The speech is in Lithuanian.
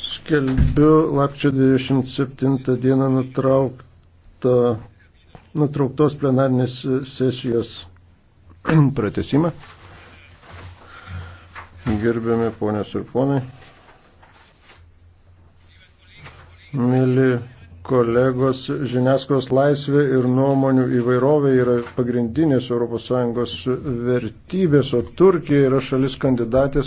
Skelbiu lapčio 27 dieną nutraukto, nutrauktos plenarnės sesijos pratesimą. Gerbiami ponios ir ponai, mėly kolegos, žiniasklaidos laisvė ir nuomonių įvairovė yra pagrindinės ES vertybės, o Turkija yra šalis kandidatės